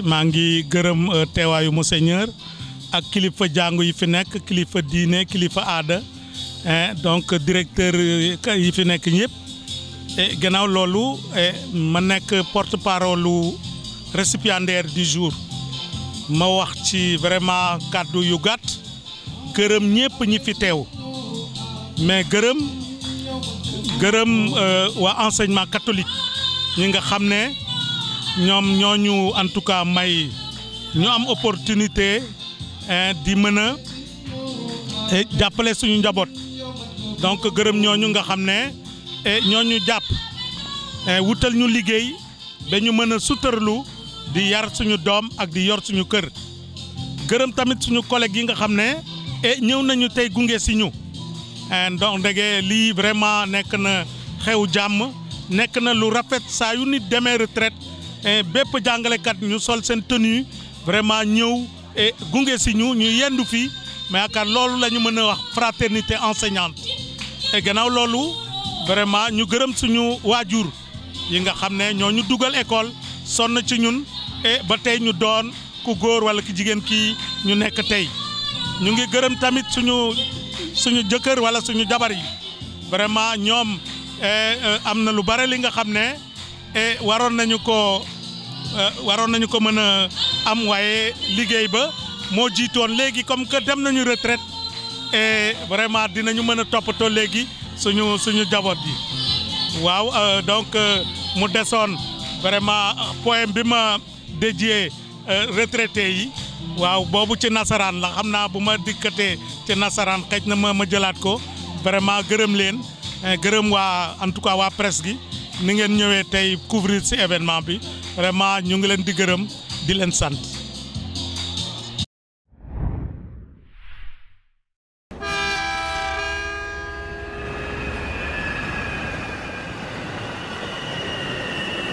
bi maa ngi gërëm euh, teewaayu monseigneur ak kilifa jàngu yi fi nekk kilifa diine kilifa aada donc directeur euh, yi fi nekk ñëpp gannaaw loolu eh, ma nekk porte parole récipiendaire du jour ma wax ci vraiment kàddu yu gàtt gërëm ñëpp ñi fi teew mais gërëm gërëm euh, waa enseignement catholique ñi nga xam ne ñoom ñooñu en tout cas may ñoo am opportunité di mën a eh, jàppale suñu njaboot donc gërëm ñu nga xam ne eh, ñooñu jàpp eh, wutal ñu liggéey ba ñu mën a sutarlu di yar suñu doom ak di yor suñu kër gërëm tamit suñu collègues yi nga xam ne ñëw nañu tey gunge si ñu donc ndege lii vraiment nekk na xew jàmm nekk na lu rafet saa yu ni demee retraite bépp jàngalekat ñu sol seen tënu vraiment ñëw et gunge si ñu ñu yendu fii mais yaakaar loolu lañu mën a wax fraternité enseignante et gannaaw loolu vraiment ñu gërëm suñu waajur yi nga xam ne ñoo ñu dugal école sonn ci ñun ba tey ñu doon ku góor wala ki jigéen ki ñu nekk tey ñu ngi gërëm tamit suñu suñu jëkkër wala suñu jabar yi vraiment ñoom eh, eh, am na lu bare li nga xam ne eh, waroon nañu ko Euh, waroon nañu ko mën a am waaye liggéey ba moo jiitoon léegi comme que dem nañu retraite et vraiment dinañu mën a toppatoo léegi suñu suñu jaboot yi waaw euh, donc euh, mu desoon vraiment poème bi ma dédié retraité yi waaw boobu ci nasaraan la xam naa bu ma dikkatee ci nasaraan xëj na ma ma jëlaat ko vraiment gërëm leen gërëm waa en tout cas waa presse gi ni ngeen ñëwee tey couvrir ci événement bi vraiment ñu ngi leen di gërëm di leen sant.